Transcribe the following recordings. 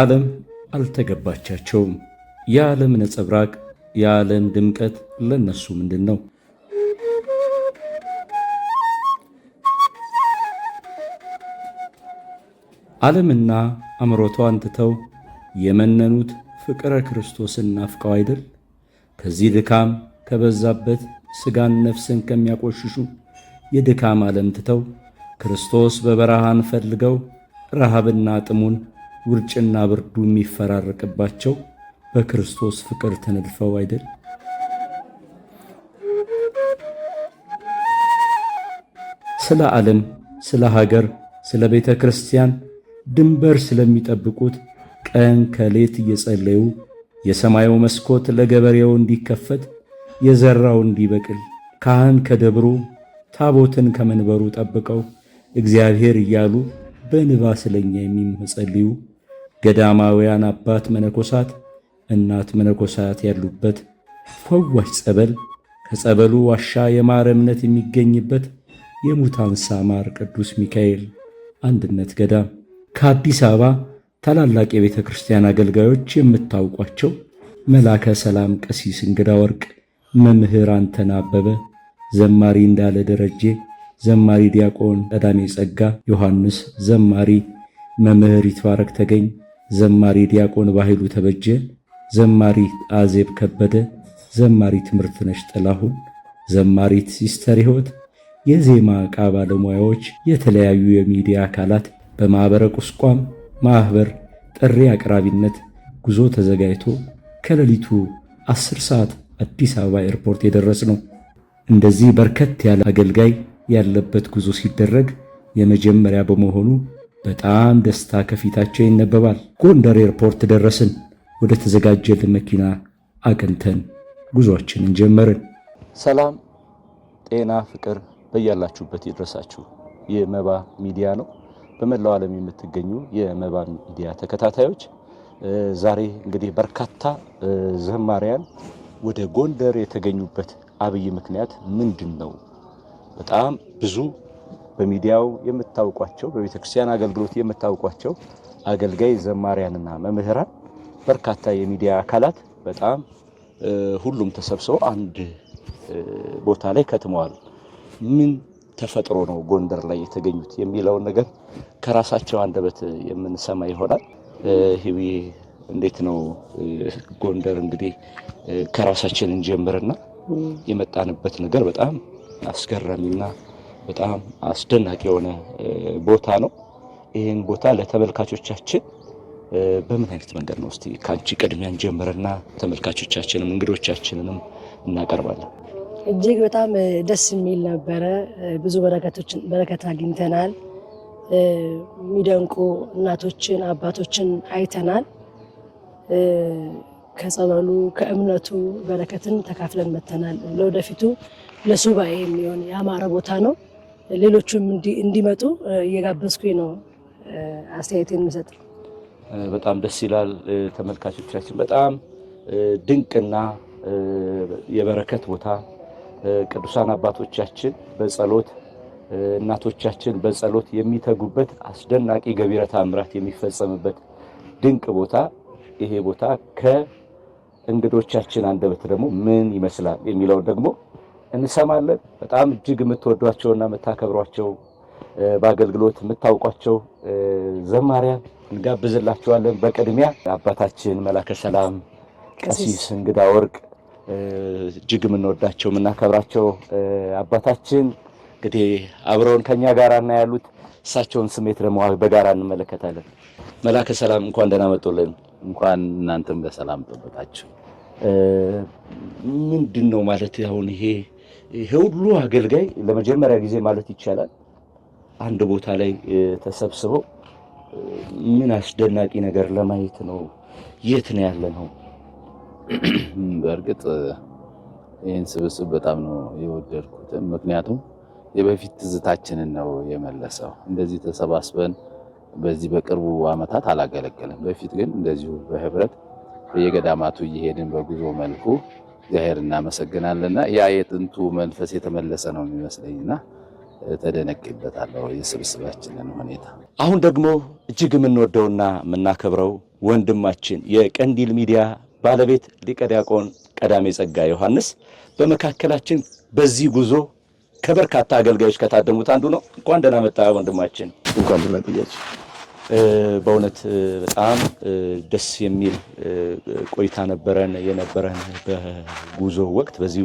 ዓለም አልተገባቻቸውም። የዓለም ነጸብራቅ፣ የዓለም ድምቀት ለነሱ ምንድን ነው? ዓለምና አምሮቷን ትተው የመነኑት ፍቅረ ክርስቶስን ናፍቀው አይደል? ከዚህ ድካም ከበዛበት ሥጋን ነፍስን ከሚያቆሽሹ የድካም ዓለም ትተው ክርስቶስ በበረሃን ፈልገው ረሃብና ጥሙን ውርጭና ብርዱ የሚፈራረቅባቸው በክርስቶስ ፍቅር ተነድፈው አይደል? ስለ ዓለም፣ ስለ ሀገር፣ ስለ ቤተ ክርስቲያን ድንበር ስለሚጠብቁት ቀን ከሌት እየጸለዩ የሰማዩ መስኮት ለገበሬው እንዲከፈት የዘራው እንዲበቅል ካህን ከደብሩ ታቦትን ከመንበሩ ጠብቀው እግዚአብሔር እያሉ በንባ ስለኛ ገዳማውያን አባት መነኮሳት፣ እናት መነኮሳት ያሉበት ፈዋሽ ጸበል፣ ከጸበሉ ዋሻ የማር እምነት የሚገኝበት የሙታንሳ ማር ቅዱስ ሚካኤል አንድነት ገዳም ከአዲስ አበባ ታላላቅ የቤተ ክርስቲያን አገልጋዮች የምታውቋቸው መላከ ሰላም ቀሲስ እንግዳ ወርቅ፣ መምህር አንተን አበበ፣ ዘማሪ እንዳለ ደረጄ፣ ዘማሪ ዲያቆን ቀዳሜ ጸጋ ዮሐንስ፣ ዘማሪ መምህር ይትባረክ ተገኝ ዘማሪ ዲያቆን ባህሉ ተበጀ፣ ዘማሪ አዜብ ከበደ፣ ዘማሪ ትምህርትነሽ ጥላሁን፣ ዘማሪት ሲስተር ህይወት የዜማ ዕቃ ባለሙያዎች፣ የተለያዩ የሚዲያ አካላት በማኅበረ ቁስቋም ማኅበር ጥሪ አቅራቢነት ጉዞ ተዘጋጅቶ ከሌሊቱ አስር ሰዓት አዲስ አበባ ኤርፖርት የደረስ ነው። እንደዚህ በርከት ያለ አገልጋይ ያለበት ጉዞ ሲደረግ የመጀመሪያ በመሆኑ በጣም ደስታ ከፊታቸው ይነበባል። ጎንደር ኤርፖርት ደረስን። ወደ ተዘጋጀልን መኪና አቅንተን ጉዟችንን ጀመርን። ሰላም፣ ጤና፣ ፍቅር በያላችሁበት ይድረሳችሁ። የመባ ሚዲያ ነው። በመላው ዓለም የምትገኙ የመባ ሚዲያ ተከታታዮች ዛሬ እንግዲህ በርካታ ዘማሪያን ወደ ጎንደር የተገኙበት አብይ ምክንያት ምንድን ነው? በጣም ብዙ በሚዲያው የምታውቋቸው በቤተክርስቲያን አገልግሎት የምታውቋቸው አገልጋይ ዘማሪያንና መምህራን በርካታ የሚዲያ አካላት በጣም ሁሉም ተሰብስበው አንድ ቦታ ላይ ከትመዋል። ምን ተፈጥሮ ነው ጎንደር ላይ የተገኙት የሚለውን ነገር ከራሳቸው አንደበት የምንሰማ ይሆናል። ህዊ እንዴት ነው ጎንደር? እንግዲህ ከራሳችን እንጀምርና የመጣንበት ነገር በጣም አስገራሚና በጣም አስደናቂ የሆነ ቦታ ነው። ይህን ቦታ ለተመልካቾቻችን በምን አይነት መንገድ ነው እስቲ ከአንቺ ቅድሚያን ጀምርና ተመልካቾቻችንም እንግዶቻችንንም እናቀርባለን። እጅግ በጣም ደስ የሚል ነበረ። ብዙ በረከቶችን በረከት አግኝተናል። የሚደንቁ እናቶችን አባቶችን አይተናል። ከጸበሉ ከእምነቱ በረከትን ተካፍለን መተናል። ለወደፊቱ ለሱባኤ የሚሆን የአማረ ቦታ ነው። ሌሎቹም እንዲመጡ እየጋበዝኩኝ ነው አስተያየት የምሰጥ። በጣም ደስ ይላል። ተመልካቾቻችን በጣም ድንቅና የበረከት ቦታ ቅዱሳን አባቶቻችን በጸሎት እናቶቻችን በጸሎት የሚተጉበት አስደናቂ ገቢረ ተአምራት የሚፈጸምበት ድንቅ ቦታ ይሄ ቦታ ከእንግዶቻችን አንደበት ደግሞ ምን ይመስላል የሚለውን ደግሞ እንሰማለን። በጣም እጅግ የምትወዷቸውና የምታከብሯቸው በአገልግሎት የምታውቋቸው ዘማሪያን እንጋብዝላችኋለን። በቅድሚያ አባታችን መላከ ሰላም ቀሲስ እንግዳ ወርቅ እጅግ የምንወዳቸው የምናከብራቸው አባታችን እንግዲህ አብረውን ከኛ ጋር እና ያሉት እሳቸውን ስሜት ደግሞ በጋራ እንመለከታለን። መላከ ሰላም እንኳን ደህና መጡልን። እንኳን እናንተም በሰላም ጠበቃችሁ። ምንድን ነው ማለት አሁን ይሄ ይሄ ሁሉ አገልጋይ ለመጀመሪያ ጊዜ ማለት ይቻላል አንድ ቦታ ላይ ተሰብስበው ምን አስደናቂ ነገር ለማየት ነው? የት ነው ያለ ነው? በእርግጥ ይህን ስብስብ በጣም ነው የወደድኩት። ምክንያቱም የበፊት ትዝታችንን ነው የመለሰው። እንደዚህ ተሰባስበን በዚህ በቅርቡ ዓመታት አላገለገለም። በፊት ግን እንደዚሁ በህብረት በየገዳማቱ እየሄድን በጉዞ መልኩ እግዚአብሔር እናመሰግናለና ያ የጥንቱ መንፈስ የተመለሰ ነው የሚመስለኝና ተደነቅበታለሁ የስብስባችንን ሁኔታ። አሁን ደግሞ እጅግ የምንወደውና የምናከብረው ወንድማችን የቀንዲል ሚዲያ ባለቤት ሊቀ ዲያቆን ቀዳሜ ጸጋ ዮሐንስ በመካከላችን በዚህ ጉዞ ከበርካታ አገልጋዮች ከታደሙት አንዱ ነው። እንኳን ደህና መጣ ወንድማችን። እንኳን ደህና በእውነት በጣም ደስ የሚል ቆይታ ነበረን የነበረን በጉዞ ወቅት። በዚህ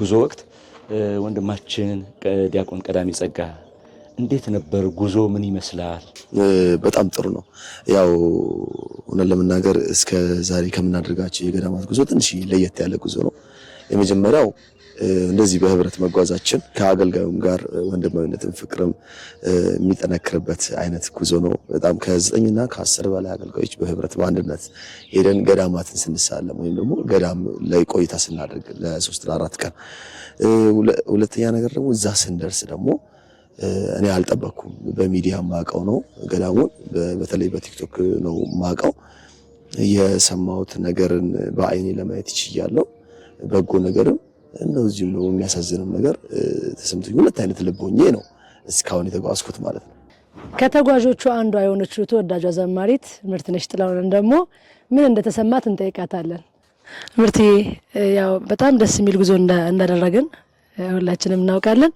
ጉዞ ወቅት ወንድማችን ዲያቆን ቀዳሚ ጸጋ እንዴት ነበር ጉዞ? ምን ይመስላል? በጣም ጥሩ ነው። ያው እውነት ለመናገር እስከ ዛሬ ከምናደርጋቸው የገዳማት ጉዞ ትንሽ ለየት ያለ ጉዞ ነው። የመጀመሪያው እንደዚህ በህብረት መጓዛችን ከአገልጋዩም ጋር ወንድማዊነትን ፍቅርም የሚጠነክርበት አይነት ጉዞ ነው። በጣም ከዘጠኝና ከአስር በላይ አገልጋዮች በህብረት በአንድነት ሄደን ገዳማትን ስንሳለም ወይም ደግሞ ገዳም ላይ ቆይታ ስናደርግ ለሶስት ለአራት ቀን። ሁለተኛ ነገር ደግሞ እዛ ስንደርስ ደግሞ እኔ አልጠበኩም። በሚዲያ ማቀው ነው ገዳሙን በተለይ በቲክቶክ ነው ማቀው። የሰማሁት ነገርን በአይኔ ለማየት ይችያለው። በጎ ነገርም እንደው ደግሞ የሚያሳዝንም ነገር ተሰምቶኝ ሁለት አይነት ልብ ሆኜ ነው እስካሁን የተጓዝኩት ማለት ነው። ከተጓዦቹ አንዷ የሆነችው ተወዳጇ ዘማሪት ምርትነሽ ጥላሁንን ደግሞ ምን እንደተሰማት እንጠይቃታለን። ምርትዬ ያው በጣም ደስ የሚል ጉዞ እንዳደረግን ሁላችንም እናውቃለን።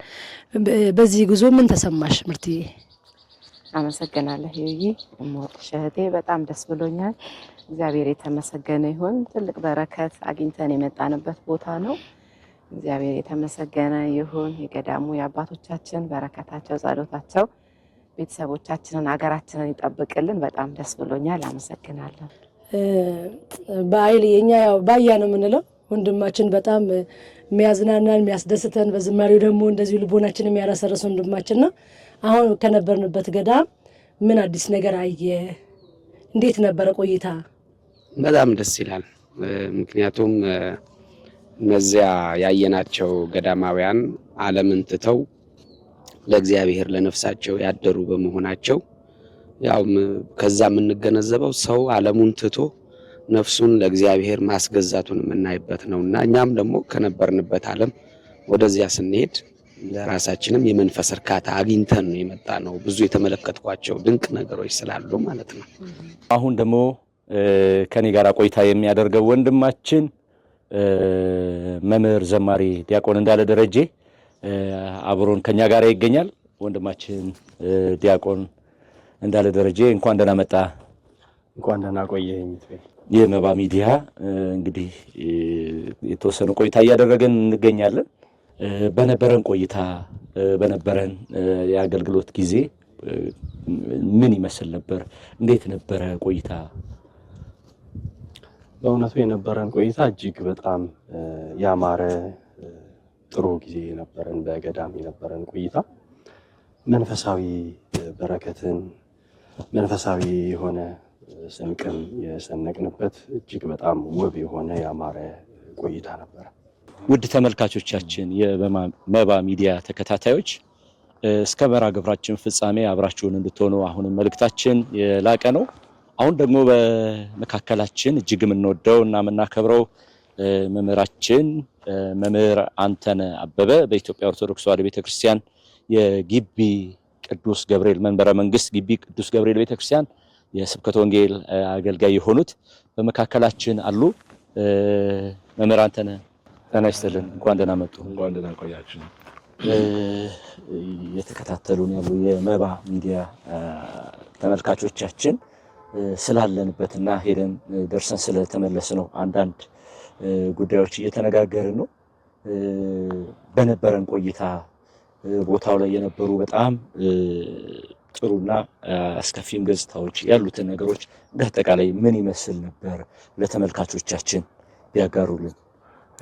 በዚህ ጉዞ ምን ተሰማሽ ምርትዬ? አመሰግናለሁ ይይ እምወቅሽ እህቴ፣ በጣም ደስ ብሎኛል። እግዚአብሔር የተመሰገነ ይሁን። ትልቅ በረከት አግኝተን የመጣንበት ቦታ ነው። እግዚአብሔር የተመሰገነ ይሁን። የገዳሙ የአባቶቻችን በረከታቸው፣ ጸሎታቸው ቤተሰቦቻችንን፣ ሀገራችንን ይጠብቅልን። በጣም ደስ ብሎኛል። አመሰግናለሁ። በአይል የኛ ያው ባያ ነው የምንለው ወንድማችን በጣም የሚያዝናናን የሚያስደስተን፣ በዝማሬው ደግሞ እንደዚሁ ልቦናችን የሚያረሰርስ ወንድማችን ነው። አሁን ከነበርንበት ገዳም ምን አዲስ ነገር አየ? እንዴት ነበረ ቆይታ? በጣም ደስ ይላል። ምክንያቱም እነዚያ ያየናቸው ገዳማውያን ዓለምን ትተው ለእግዚአብሔር ለነፍሳቸው ያደሩ በመሆናቸው ያው ከዛ የምንገነዘበው ሰው ዓለሙን ትቶ ነፍሱን ለእግዚአብሔር ማስገዛቱን የምናይበት ነው እና እኛም ደግሞ ከነበርንበት ዓለም ወደዚያ ስንሄድ ለራሳችንም የመንፈስ እርካታ አግኝተን ነው የመጣ ነው። ብዙ የተመለከትኳቸው ድንቅ ነገሮች ስላሉ ማለት ነው። አሁን ደግሞ ከኔ ጋር ቆይታ የሚያደርገው ወንድማችን መምህር ዘማሪ ዲያቆን እንዳለ ደረጀ አብሮን ከኛ ጋር ይገኛል። ወንድማችን ዲያቆን እንዳለ ደረጀ እንኳን ደህና መጣ። እንኳን ደህና ቆየኝ። የመባ ሚዲያ እንግዲህ የተወሰነ ቆይታ እያደረገን እንገኛለን። በነበረን ቆይታ በነበረን የአገልግሎት ጊዜ ምን ይመስል ነበር? እንዴት ነበረ ቆይታ በእውነቱ የነበረን ቆይታ እጅግ በጣም ያማረ ጥሩ ጊዜ የነበረን በገዳም የነበረን ቆይታ መንፈሳዊ በረከትን መንፈሳዊ የሆነ ስንቅም የሰነቅንበት እጅግ በጣም ውብ የሆነ ያማረ ቆይታ ነበረ። ውድ ተመልካቾቻችን የመባ ሚዲያ ተከታታዮች እስከ መርሃ ግብራችን ፍጻሜ አብራችሁን እንድትሆኑ አሁንም መልእክታችን የላቀ ነው። አሁን ደግሞ በመካከላችን እጅግ የምንወደው እና የምናከብረው መምህራችን መምህር አንተነ አበበ በኢትዮጵያ ኦርቶዶክስ ተዋሕዶ ቤተክርስቲያን የግቢ ቅዱስ ገብርኤል መንበረ መንግስት ግቢ ቅዱስ ገብርኤል ቤተክርስቲያን የስብከተ ወንጌል አገልጋይ የሆኑት በመካከላችን አሉ። መምህር አንተነ ጤና ይስጥልን፣ እንኳን ደህና መጡ። እንኳን ደህና ቆያችሁ። የተከታተሉን ያሉ የመባ ሚዲያ ተመልካቾቻችን ስላለንበትና ሄደን ደርሰን ስለተመለስ ነው። አንዳንድ ጉዳዮች እየተነጋገርን ነው። በነበረን ቆይታ ቦታው ላይ የነበሩ በጣም ጥሩና አስከፊም ገጽታዎች ያሉትን ነገሮች እንደ አጠቃላይ ምን ይመስል ነበር ለተመልካቾቻችን ቢያጋሩልን።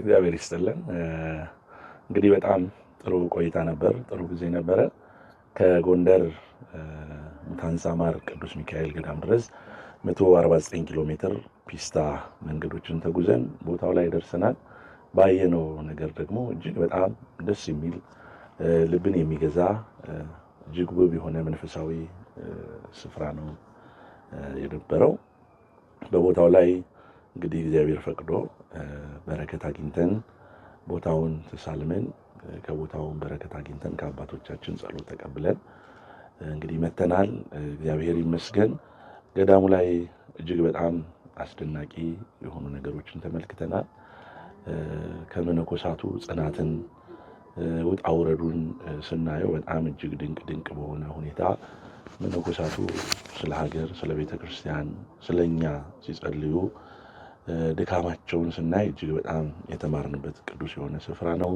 እግዚአብሔር ይስጥልን። እንግዲህ በጣም ጥሩ ቆይታ ነበር፣ ጥሩ ጊዜ ነበረ ከጎንደር ታንሳማር ቅዱስ ሚካኤል ገዳም ድረስ 149 ኪሎ ሜትር ፒስታ መንገዶችን ተጉዘን ቦታው ላይ ደርሰናል። ባየነው ነገር ደግሞ እጅግ በጣም ደስ የሚል ልብን የሚገዛ እጅግ ውብ የሆነ መንፈሳዊ ስፍራ ነው የነበረው። በቦታው ላይ እንግዲህ እግዚአብሔር ፈቅዶ በረከት አግኝተን ቦታውን ተሳልመን ከቦታውን በረከት አግኝተን ከአባቶቻችን ጸሎት ተቀብለን እንግዲህ መተናል። እግዚአብሔር ይመስገን። ገዳሙ ላይ እጅግ በጣም አስደናቂ የሆኑ ነገሮችን ተመልክተናል። ከመነኮሳቱ ጽናትን ውጣ ውረዱን ስናየው በጣም እጅግ ድንቅ ድንቅ በሆነ ሁኔታ መነኮሳቱ ስለ ሀገር፣ ስለ ቤተ ክርስቲያን፣ ስለ እኛ ሲጸልዩ ድካማቸውን ስናይ እጅግ በጣም የተማርንበት ቅዱስ የሆነ ስፍራ ነው።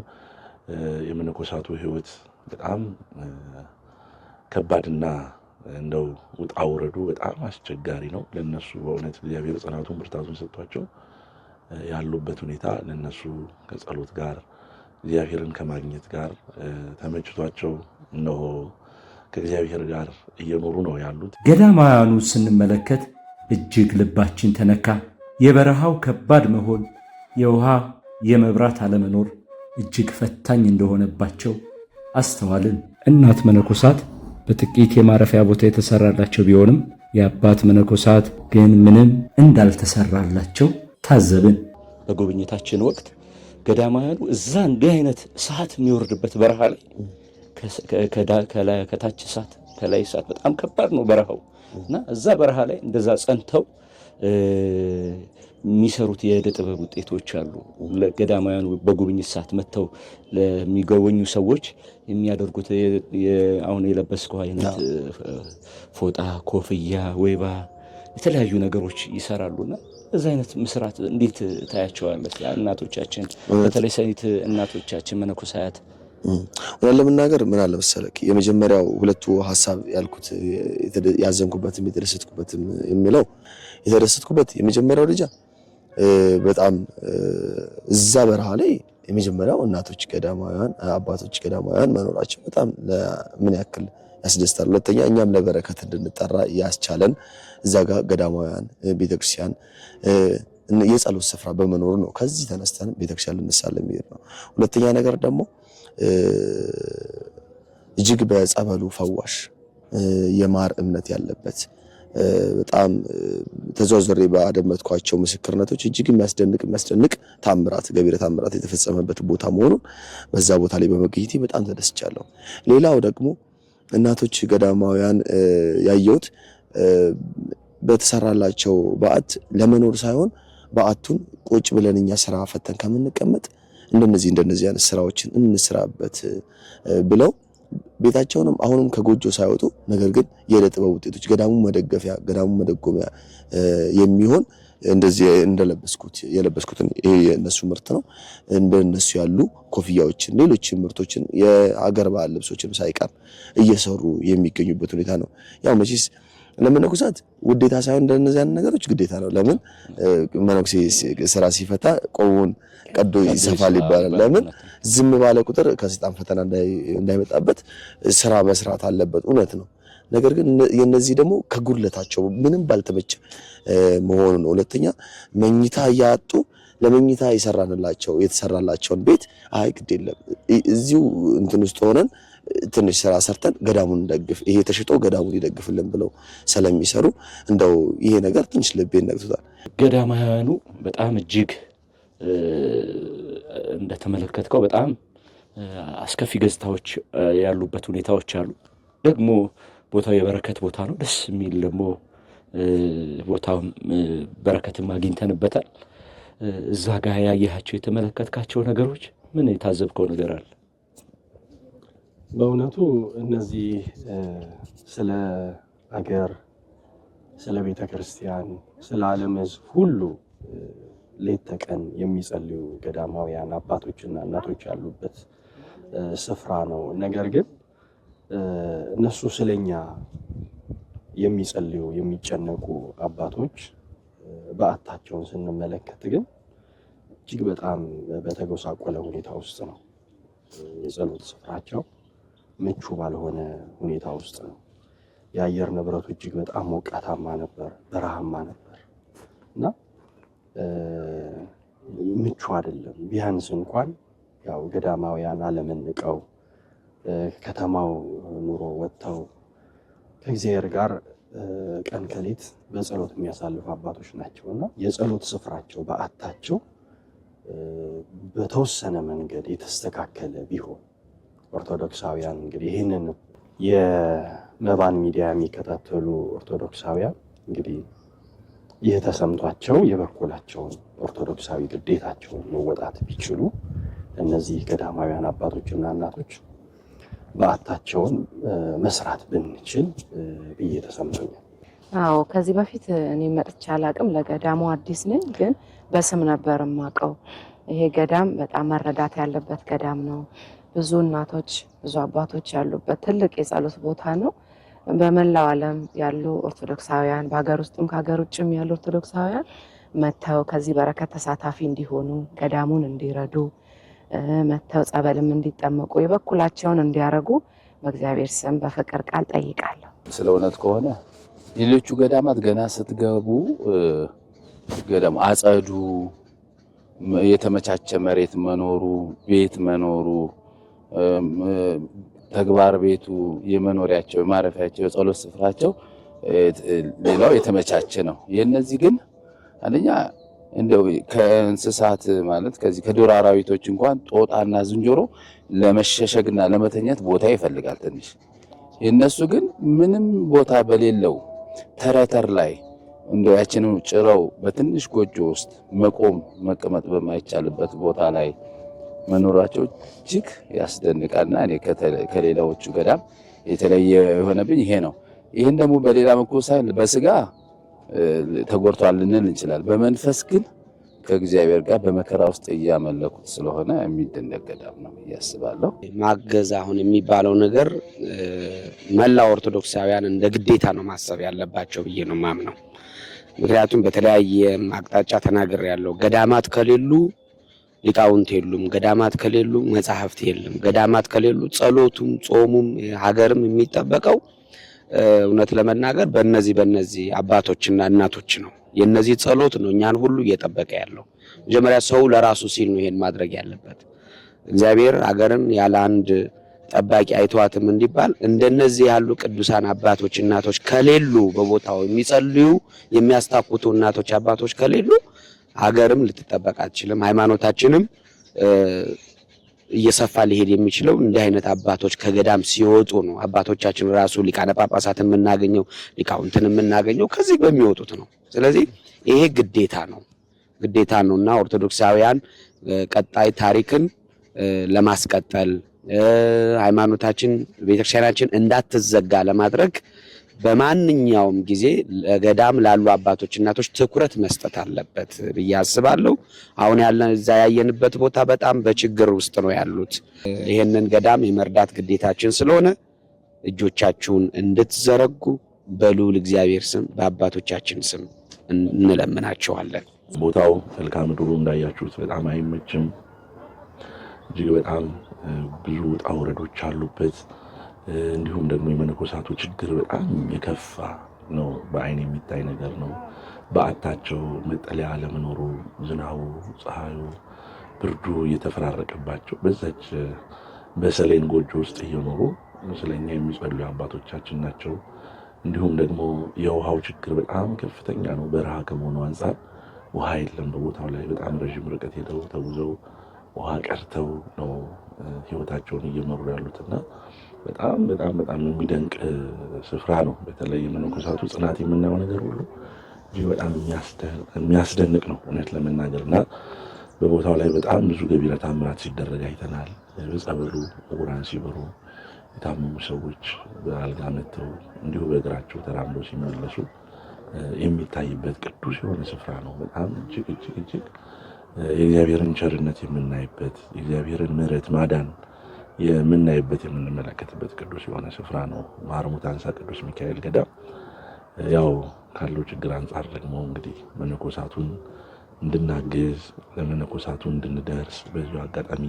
የመነኮሳቱ ሕይወት በጣም ከባድና እንደው ውጣ ውረዱ በጣም አስቸጋሪ ነው ለነሱ። በእውነት እግዚአብሔር ጽናቱን ብርታቱን ሰጥቷቸው ያሉበት ሁኔታ ለነሱ ከጸሎት ጋር እግዚአብሔርን ከማግኘት ጋር ተመችቷቸው እነሆ ከእግዚአብሔር ጋር እየኖሩ ነው ያሉት። ገዳማውያኑ ስንመለከት እጅግ ልባችን ተነካ። የበረሃው ከባድ መሆን፣ የውሃ የመብራት አለመኖር እጅግ ፈታኝ እንደሆነባቸው አስተዋልን። እናት መነኮሳት በጥቂት የማረፊያ ቦታ የተሰራላቸው ቢሆንም የአባት መነኮሳት ግን ምንም እንዳልተሰራላቸው ታዘብን። በጉብኝታችን ወቅት ገዳማውያኑ እዛ እንዲህ አይነት እሳት የሚወርድበት በረሃ ላይ ከታች እሳት ከላይ እሳት በጣም ከባድ ነው በረሃው እና እዛ በረሃ ላይ እንደዛ ጸንተው የሚሰሩት የእደ ጥበብ ውጤቶች አሉ። ገዳማውያኑ በጉብኝት ሰዓት መጥተው ለሚጎበኙ ሰዎች የሚያደርጉት አሁን የለበስከው አይነት ፎጣ፣ ኮፍያ፣ ወይባ የተለያዩ ነገሮች ይሰራሉና እዚ አይነት ምስራት እንዴት ታያቸዋለህ? እናቶቻችን በተለይ ሰኒት እናቶቻችን መነኮሳያት እውነት ለመናገር ምን አለ መሰለህ፣ የመጀመሪያው ሁለቱ ሀሳብ ያልኩት ያዘንኩበትም የተደሰትኩበትም የሚለው የተደሰትኩበት የመጀመሪያው ደረጃ በጣም እዛ በረሃ ላይ የመጀመሪያው እናቶች ገዳማውያን፣ አባቶች ገዳማውያን መኖራቸው በጣም ምን ያክል ያስደስታል። ሁለተኛ እኛም ለበረከት እንድንጠራ ያስቻለን እዛ ጋ ገዳማውያን ቤተክርስቲያን የጸሎት ስፍራ በመኖሩ ነው። ከዚህ ተነስተን ቤተክርስቲያን ልንሳለ የሚሄድ ነው። ሁለተኛ ነገር ደግሞ እጅግ በጸበሉ ፈዋሽ የማር እምነት ያለበት በጣም ተዘዋዝሬ ባደመጥኳቸው ምስክርነቶች እጅግ የሚያስደንቅ የሚያስደንቅ ታምራት ገቢረ ታምራት የተፈጸመበት ቦታ መሆኑን በዛ ቦታ ላይ በመገኘቴ በጣም ተደስቻለሁ። ሌላው ደግሞ እናቶች ገዳማውያን ያየሁት በተሰራላቸው በዓት ለመኖር ሳይሆን በዓቱን ቁጭ ብለን እኛ ስራ ፈተን ከምንቀመጥ እንደነዚህ እንደነዚህ አይነት ስራዎችን እንስራበት ብለው ቤታቸውንም አሁንም ከጎጆ ሳይወጡ ነገር ግን የዕደ ጥበብ ውጤቶች ገዳሙ መደገፊያ ገዳሙ መደጎሚያ የሚሆን እንደዚህ እንደለበስኩት የለበስኩትን ይሄ የእነሱ ምርት ነው። እንደነሱ ያሉ ኮፍያዎችን፣ ሌሎች ምርቶችን የአገር ባህል ልብሶችን ሳይቀር እየሰሩ የሚገኙበት ሁኔታ ነው ያው መቼስ ለመነኮሳት ውዴታ ሳይሆን እንደነዚህ አይነት ነገሮች ግዴታ ነው። ለምን መነኩሴ ስራ ሲፈታ ቆቡን ቀዶ ይሰፋል ይባላል። ለምን ዝም ባለ ቁጥር ከሰይጣን ፈተና እንዳይመጣበት ስራ መስራት አለበት። እውነት ነው። ነገር ግን የነዚህ ደግሞ ከጉድለታቸው ምንም ባልተመቸ መሆኑ ነው። ሁለተኛ መኝታ እያጡ ለመኝታ የሰራንላቸው የተሰራላቸውን ቤት አይ ግድ የለም እዚሁ እንትን ውስጥ ሆነን ትንሽ ስራ ሰርተን ገዳሙን እንደግፍ፣ ይሄ ተሽጦ ገዳሙን ይደግፍልን ብለው ስለሚሰሩ እንደው ይሄ ነገር ትንሽ ልቤን ነቅቶታል። ገዳማውያኑ በጣም እጅግ እንደተመለከትከው በጣም አስከፊ ገጽታዎች ያሉበት ሁኔታዎች አሉ። ደግሞ ቦታው የበረከት ቦታ ነው። ደስ የሚል ደግሞ ቦታውም በረከትም አግኝተንበታል። እዛ ጋ ያየሃቸው የተመለከትካቸው ነገሮች ምን የታዘብከው ነገር አለ? በእውነቱ እነዚህ ስለ አገር፣ ስለ ቤተ ክርስቲያን፣ ስለ ዓለም ሕዝብ ሁሉ ሌት ተቀን የሚጸልዩ ገዳማውያን አባቶችና እናቶች ያሉበት ስፍራ ነው። ነገር ግን እነሱ ስለኛ የሚጸልዩ የሚጨነቁ አባቶች በዓታቸውን ስንመለከት ግን እጅግ በጣም በተጎሳቆለ ሁኔታ ውስጥ ነው የጸሎት ስፍራቸው። ምቹ ባልሆነ ሁኔታ ውስጥ ነው። የአየር ንብረቱ እጅግ በጣም ሞቃታማ ነበር፣ በረሃማ ነበር እና ምቹ አይደለም። ቢያንስ እንኳን ያው ገዳማውያን ዓለምን ንቀው ከተማው ኑሮ ወጥተው ከእግዚአብሔር ጋር ቀን ከሌት በጸሎት የሚያሳልፉ አባቶች ናቸው እና የጸሎት ስፍራቸው በአታቸው በተወሰነ መንገድ የተስተካከለ ቢሆን ኦርቶዶክሳውያን እንግዲህ ይህንን የመባን ሚዲያ የሚከታተሉ ኦርቶዶክሳውያን እንግዲህ ይህ ተሰምቷቸው የበኩላቸውን ኦርቶዶክሳዊ ግዴታቸውን መወጣት ቢችሉ እነዚህ ገዳማውያን አባቶችና እናቶች በዓታቸውን መስራት ብንችል ብዬ ተሰምቶኛል። አዎ ከዚህ በፊት እኔ መጥቼ አላቅም። ለገዳሙ አዲስ ነኝ፣ ግን በስም ነበር የማውቀው። ይሄ ገዳም በጣም መረዳት ያለበት ገዳም ነው። ብዙ እናቶች ብዙ አባቶች ያሉበት ትልቅ የጸሎት ቦታ ነው። በመላው ዓለም ያሉ ኦርቶዶክሳውያን በሀገር ውስጥም ከሀገር ውጭም ያሉ ኦርቶዶክሳውያን መጥተው ከዚህ በረከት ተሳታፊ እንዲሆኑ ገዳሙን እንዲረዱ መጥተው ጸበልም እንዲጠመቁ የበኩላቸውን እንዲያደርጉ በእግዚአብሔር ስም በፍቅር ቃል ጠይቃለሁ። ስለ እውነት ከሆነ ሌሎቹ ገዳማት ገና ስትገቡ ገዳሙ አጸዱ፣ የተመቻቸ መሬት መኖሩ፣ ቤት መኖሩ ተግባር ቤቱ፣ የመኖሪያቸው፣ የማረፊያቸው፣ የጸሎት ስፍራቸው ሌላው የተመቻቸ ነው። የእነዚህ ግን አንደኛ እንደው ከእንስሳት ማለት ከዚህ ከዱር አራዊቶች እንኳን ጦጣና ዝንጀሮ ለመሸሸግና ለመተኛት ቦታ ይፈልጋል ትንሽ። የእነሱ ግን ምንም ቦታ በሌለው ተረተር ላይ እንደው ያችንን ጭረው በትንሽ ጎጆ ውስጥ መቆም መቀመጥ በማይቻልበት ቦታ ላይ መኖራቸው እጅግ ያስደንቃልና እኔ ከሌላዎቹ ገዳም የተለየ የሆነብኝ ይሄ ነው። ይህን ደግሞ በሌላ መኮ ሳይል በስጋ ተጎድቷል ልንል እንችላል። በመንፈስ ግን ከእግዚአብሔር ጋር በመከራ ውስጥ እያመለኩት ስለሆነ የሚደነቅ ገዳም ነው እያስባለሁ። ማገዝ አሁን የሚባለው ነገር መላ ኦርቶዶክሳውያን እንደ ግዴታ ነው ማሰብ ያለባቸው ብዬ ነው ማምነው። ምክንያቱም በተለያየ አቅጣጫ ያለው ገዳማት ከሌሉ ሊቃውንት የሉም፣ ገዳማት ከሌሉ መጽሐፍት የለም። ገዳማት ከሌሉ ጸሎቱም ጾሙም ሀገርም የሚጠበቀው እውነት ለመናገር በነዚህ በነዚህ አባቶችና እናቶች ነው። የነዚህ ጸሎት ነው እኛን ሁሉ እየጠበቀ ያለው። መጀመሪያ ሰው ለራሱ ሲል ነው ይሄን ማድረግ ያለበት። እግዚአብሔር ሀገርን ያለ አንድ ጠባቂ አይተዋትም እንዲባል እንደነዚህ ያሉ ቅዱሳን አባቶች እናቶች ከሌሉ፣ በቦታው የሚጸልዩ የሚያስታኩቱ እናቶች አባቶች ከሌሉ ሀገርም ልትጠበቅ አትችልም። ሃይማኖታችንም እየሰፋ ሊሄድ የሚችለው እንዲህ አይነት አባቶች ከገዳም ሲወጡ ነው። አባቶቻችን ራሱ ሊቃነ ጳጳሳት የምናገኘው ሊቃውንትን የምናገኘው ከዚህ በሚወጡት ነው። ስለዚህ ይሄ ግዴታ ነው ግዴታ ነው እና ኦርቶዶክሳውያን ቀጣይ ታሪክን ለማስቀጠል ሃይማኖታችን ቤተክርስቲያናችን እንዳትዘጋ ለማድረግ በማንኛውም ጊዜ ለገዳም ላሉ አባቶች እናቶች ትኩረት መስጠት አለበት ብዬ አስባለሁ። አሁን ያለ እዛ ያየንበት ቦታ በጣም በችግር ውስጥ ነው ያሉት። ይህንን ገዳም የመርዳት ግዴታችን ስለሆነ እጆቻችሁን እንድትዘረጉ በልዑል እግዚአብሔር ስም በአባቶቻችን ስም እንለምናቸዋለን። ቦታው መልክዓ ምድሩ እንዳያችሁት በጣም አይመችም። እጅግ በጣም ብዙ ውጣ ውረዶች አሉበት። እንዲሁም ደግሞ የመነኮሳቱ ችግር በጣም የከፋ ነው። በአይን የሚታይ ነገር ነው። በዓታቸው መጠለያ ለመኖሩ ዝናቡ፣ ፀሐዩ፣ ብርዱ እየተፈራረቀባቸው በዛች በሰሌን ጎጆ ውስጥ እየኖሩ ስለኛ የሚጸሉ አባቶቻችን ናቸው። እንዲሁም ደግሞ የውሃው ችግር በጣም ከፍተኛ ነው። በረሃ ከመሆኑ አንጻር ውሃ የለም በቦታው ላይ በጣም ረዥም ርቀት ሄደው ተጉዘው ውሃ ቀርተው ነው ህይወታቸውን እየመሩ ያሉትና በጣም በጣም በጣም የሚደንቅ ስፍራ ነው። በተለይ የመነኮሳቱ ጽናት የምናየው ነገር ሁሉ እጅግ በጣም የሚያስደንቅ ነው እውነት ለመናገር እና በቦታው ላይ በጣም ብዙ ገቢረ ተአምራት ሲደረግ አይተናል። በጸበሉ ዕውራን ሲበሩ፣ የታመሙ ሰዎች በአልጋ መጥተው እንዲሁ በእግራቸው ተራምደው ሲመለሱ የሚታይበት ቅዱስ የሆነ ስፍራ ነው። በጣም እጅግ እጅግ እጅግ የእግዚአብሔርን ቸርነት የምናይበት የእግዚአብሔርን ምሕረት ማዳን የምናይበት የምንመለከትበት ቅዱስ የሆነ ስፍራ ነው ማርሙት አንሳ ቅዱስ ሚካኤል ገዳም። ያው ካለው ችግር አንጻር ደግሞ እንግዲህ መነኮሳቱን እንድናግዝ ለመነኮሳቱ እንድንደርስ በዚሁ አጋጣሚ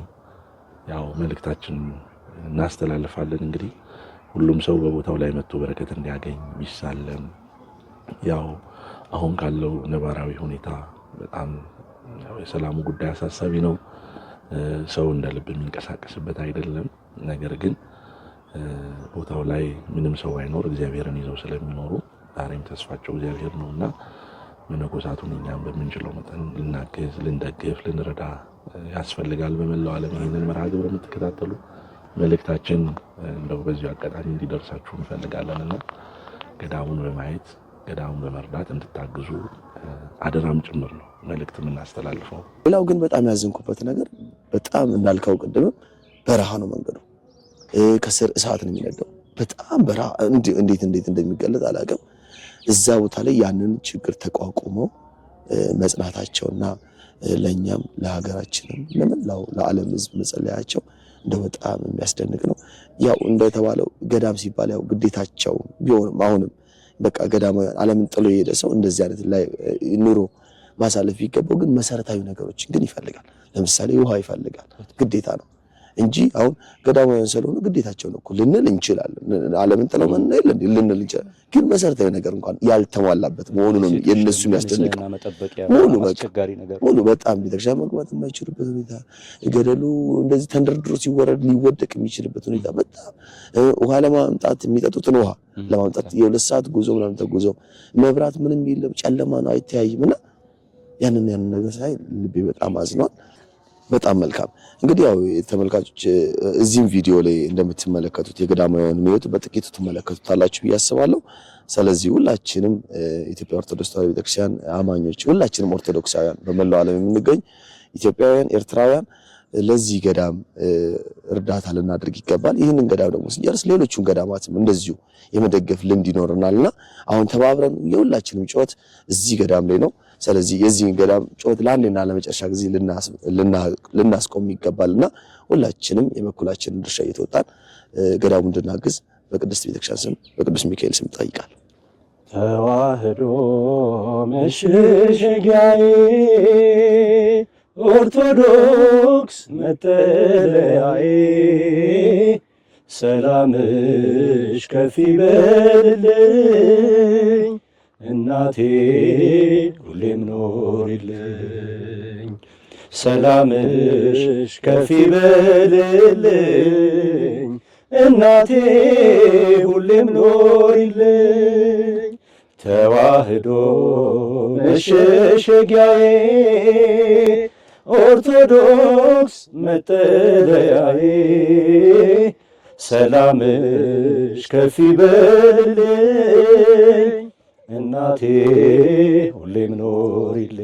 ያው መልእክታችን እናስተላልፋለን። እንግዲህ ሁሉም ሰው በቦታው ላይ መጥቶ በረከት እንዲያገኝ ቢሳለም፣ ያው አሁን ካለው ነባራዊ ሁኔታ በጣም የሰላሙ ጉዳይ አሳሳቢ ነው። ሰው እንደ ልብ የሚንቀሳቀስበት አይደለም። ነገር ግን ቦታው ላይ ምንም ሰው አይኖር እግዚአብሔርን ይዘው ስለሚኖሩ ዛሬም ተስፋቸው እግዚአብሔር ነው እና መነኮሳቱን እኛም በምንችለው መጠን ልናገዝ ልንደግፍ፣ ልንረዳ ያስፈልጋል። በመላው ዓለም ይህንን መርሃ ግብር የምትከታተሉ መልእክታችን እንደው በዚሁ አጋጣሚ እንዲደርሳችሁ እንፈልጋለን እና ገዳሙን በማየት ገዳሙን በመርዳት እንድታግዙ አደራም ጭምር ነው። መልእክት የምናስተላልፈው። ሌላው ግን በጣም ያዘንኩበት ነገር በጣም እንዳልከው ቅድም በረሃ ነው መንገዱ። ከስር እሳት ነው የሚነደው። በጣም በረሃ እንዴት እንዴት እንደሚገለጥ አላውቅም። እዛ ቦታ ላይ ያንን ችግር ተቋቁመው መጽናታቸውና ለእኛም ለሀገራችንም ለመላው ለዓለም ሕዝብ መጸለያቸው እንደ በጣም የሚያስደንቅ ነው። ያው እንደተባለው ገዳም ሲባል ያው ግዴታቸው ቢሆንም አሁንም በቃ ገዳማውያን ዓለምን ጥሎ የሄደ ሰው እንደዚህ አይነት ላይ ኑሮ ማሳለፍ ቢገባው ግን መሰረታዊ ነገሮችን ግን ይፈልጋል። ለምሳሌ ውሃ ይፈልጋል፣ ግዴታ ነው እንጂ አሁን ገዳማውያን ስለሆኑ ግዴታቸውን እኮ ልንል እንችላለን። ዓለምን ጥለው መና የለን ልንል እንችላለን። ግን መሰረታዊ ነገር እንኳን ያልተሟላበት መሆኑ ነው የእነሱ የሚያስደንቀው። ሙሉ በጣም ቤተክርስቲያን መግባት የማይችሉበት ሁኔታ፣ ገደሉ እንደዚህ ተንደርድሮ ሲወረድ ሊወደቅ የሚችልበት ሁኔታ በጣም ውሃ ለማምጣት የሚጠጡትን ውሃ ለማምጣት የሁለት ሰዓት ጉዞ ምናምን ተጉዞ መብራት ምንም የለም ጨለማ ነው አይተያይም እና ያንን ያንን ነገር ሳይ ልቤ በጣም አዝኗል። በጣም መልካም እንግዲህ ያው ተመልካቾች እዚህም ቪዲዮ ላይ እንደምትመለከቱት የገዳማውያን ሕይወት በጥቂቱ ትመለከቱታላችሁ ብዬ አስባለሁ። ስለዚህ ሁላችንም ኢትዮጵያ ኦርቶዶክስ ተዋሕዶ ቤተክርስቲያን አማኞች፣ ሁላችንም ኦርቶዶክሳውያን በመላው ዓለም የምንገኝ ኢትዮጵያውያን፣ ኤርትራውያን ለዚህ ገዳም እርዳታ ልናደርግ ይገባል። ይህንን ገዳም ደግሞ ስንጨርስ ሌሎቹን ገዳማትም እንደዚሁ የመደገፍ ልምድ ይኖርናልና አሁን ተባብረን የሁላችንም ጩኸት እዚህ ገዳም ላይ ነው። ስለዚህ የዚህን ገዳም ጩኸት ለአንዴና ለመጨረሻ ጊዜ ልናስቆም ይገባልና ሁላችንም የበኩላችንን ድርሻ እየተወጣን ገዳሙ እንድናግዝ በቅድስት ቤተክርስቲያን ስም በቅዱስ ሚካኤል ስም ጠይቃል። ተዋህዶ መሸሸጊያዬ ኦርቶዶክስ መጠለያዬ ሰላምሽ ከፍ ይበልልኝ እናቴ ሁሌም ኖሪልኝ፣ ሰላምሽ ከፍ ይበልልኝ። እናቴ ሁሌም ኖሪልኝ፣ ተዋህዶ መሸሸጊያዬ፣ ኦርቶዶክስ መጠለያዬ ሰላምሽ ከፍ ይበልልኝ እናቴ ሁሌም ኖሪልኝ።